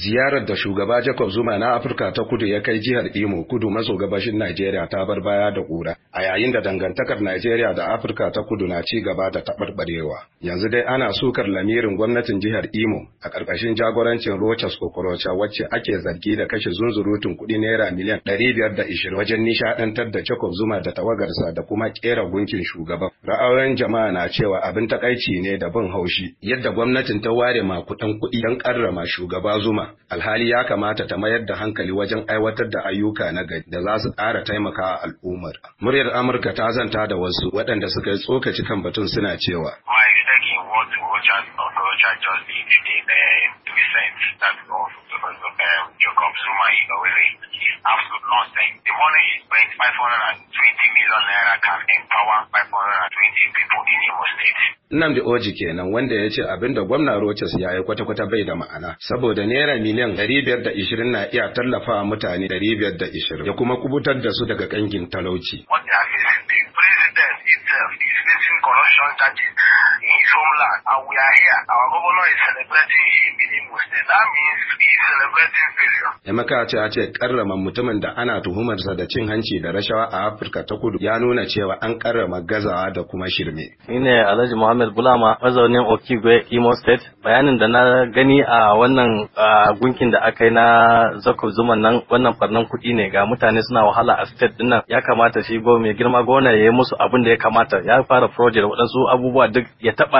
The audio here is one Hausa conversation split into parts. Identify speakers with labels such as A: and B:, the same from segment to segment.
A: Ziyarar da shugaba Jacob Zuma na Afirka ta kudu ya kai jihar Imo kudu maso gabashin Najeriya ta bar baya da ƙura a yayin da dangantakar Najeriya da Afirka ta kudu na ci gaba da taɓarɓarewa. Yanzu dai ana sukar lamirin gwamnatin jihar Imo a ƙarƙashin jagorancin Rochas Kokorocha wacce ake zargi da kashe zunzurutun kuɗi naira miliyan ɗari biyar da ishirin wajen nishaɗantar da Jacob Zuma da tawagarsa da kuma ƙera gunkin shugaban. auren jama'a na cewa abin takaici ne da bin haushi yadda gwamnatin ta ware makudan kuɗi don karrama shugaba Zuma. Alhali ya kamata ta mayar da hankali wajen aiwatar da ayyuka na gari da za su ƙara taimaka al'ummar. Muryar Amurka ta zanta da wasu waɗanda suka yi tsokaci kan batun suna cewa.
B: Jacob's Zuma,
A: absolute nonsense. The money he spent, 520 million naira, can empower 520 people in Imo State. Nnamdi Oji kenan wanda ya ce abin da gwamna Rochas ya yi kwata-kwata bai da ma'ana saboda naira miliyan 520 na iya tallafa mutane 520 ya kuma kubutar da su daga kangin talauci. What the president itself is facing corruption that is his homeland. And we are here. Our governor is celebrating him in Imo State. That means he is celebrating failure. Emeka ce a ce karrama mutumin da ana tuhumarsa da cin hanci da rashawa a Afirka ta kudu ya nuna cewa an karrama gazawa da kuma shirme. Ni ne Alhaji Muhammad
B: Bulama mazaunin Okigwe Imo State. Bayanin da na gani a wannan gunkin da aka yi na Zakob Zuman nan wannan farnan kuɗi ne ga mutane suna wahala a state din ya kamata shi mai girma gona ya yi musu abin da ya kamata ya fara project waɗansu abubuwa duk ya taɓa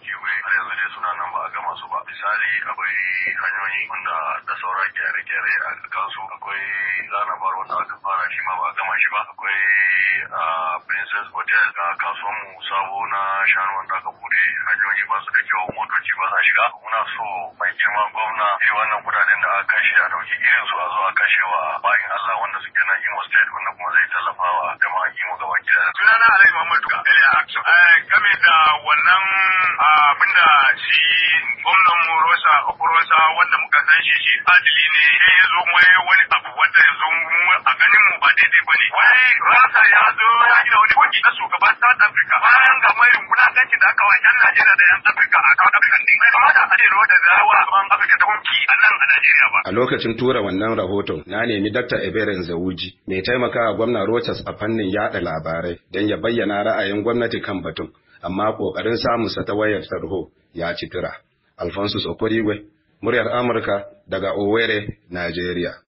B: kewaye har yanzu dai suna nan ba a gama su ba misali akwai hanyoyi wanda da saura gyare kyare a kansu akwai zanabar wanda aka fara shi ma ba a gama shi ba akwai a princess hotel a kasuwan mu sabo na shan wanda aka bude hanyoyi ba su da kyau motoci ba za shiga muna so mai girma gwamna shi wannan kudaden da aka kashe a dauki irin su a zo a kashewa bayan allah wanda suke na imo state wanda kuma zai tallafawa sunana alai muhammadu dalila aksu eh, game da wannan ah, abin da shi gwamnan rosa okorosa wanda muka san shi shi adili ne ya zo wani abu wanda ya zo
A: ganin ba daidai ba ne. Wai Rasa ya zo ya gina wani wani na shugaban South Africa bayan ga mai wulakanci da aka wa Najeriya da yan Afirka a South Africa din. Bai kamata a arewa da zawa ban Afirka ta kunki a nan a Najeriya ba. A lokacin tura wannan rahoton na nemi Dr. Eberen Zawuji mai taimakawa gwamna Rochas a fannin yada labarai don ya bayyana ra'ayin gwamnati kan batun. Amma ƙoƙarin samunsa ta wayar tarho ya ci tura. Alphonsus Okorigwe, muryar Amurka daga Owerri, Najeriya.